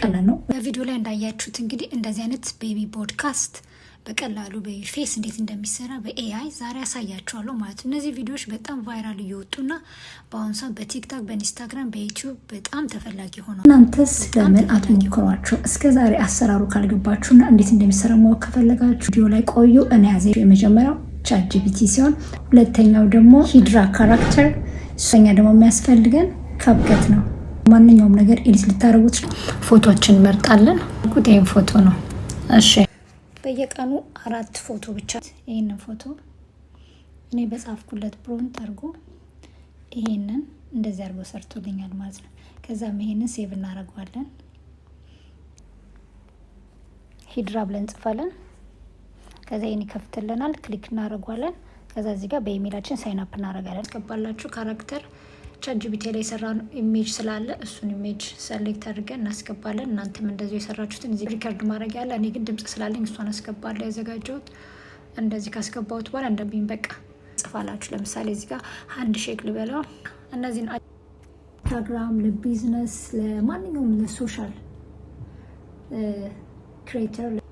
ቀላል ነው። በቪዲዮ ላይ እንዳያችሁት እንግዲህ እንደዚህ አይነት ቤቢ ፖድካስት በቀላሉ በፌስ እንዴት እንደሚሰራ በኤአይ ዛሬ ያሳያችኋለሁ ማለት ነው። እነዚህ ቪዲዮዎች በጣም ቫይራል እየወጡና በአሁኑ ሰዓት በቲክታክ፣ በኢንስታግራም፣ በዩቲዩብ በጣም ተፈላጊ ሆነ። እናንተስ ለምን አትሞክሯቸው? እስከ ዛሬ አሰራሩ ካልገባችሁና እንዴት እንደሚሰራ ማወቅ ከፈለጋችሁ ቪዲዮ ላይ ቆዩ። እኔ ያዘ የመጀመሪያው ቻት ሲሆን ሁለተኛው ደግሞ ሂድራ ካራክተር፣ ሶስተኛ ደግሞ የሚያስፈልገን ካብከት ነው። ማንኛውም ነገር ኤዲት ልታደርጉት ፎቶችን መርጣለን። ቁጤን ፎቶ ነው። እሺ በየቀኑ አራት ፎቶ ብቻ። ይህንን ፎቶ እኔ በጻፍኩለት ፕሮምፕት አድርጎ ይሄንን እንደዚህ አድርጎ ሰርቶልኛል ማለት ነው። ከዛም ይሄንን ሴቭ እናደርገዋለን። ሂድራ ብለን እንጽፋለን። ከዛ ይህን ይከፍትልናል። ክሊክ እናደርጓለን። ከዛ እዚህ ጋር በኢሜይላችን ሳይን አፕ እናደርጋለን። ያስገባላችሁ ካራክተር ቻትጂፒቲ ላይ የሰራ ኢሜጅ ስላለ እሱን ኢሜጅ ሰሌክት አድርገን እናስገባለን። እናንተም እንደዚህ የሰራችሁትን እዚህ ሪከርድ ማድረግ ያለ እኔ ግን ድምጽ ስላለኝ እሷን አስገባለ ያዘጋጀሁት። እንደዚህ ካስገባሁት በኋላ እንደሚኝ በቃ ጽፋላችሁ። ለምሳሌ እዚህ ጋር አንድ ሼክ ልበለው እነዚህን ኢንስታግራም ለቢዝነስ ለማንኛውም ለሶሻል ክሬተር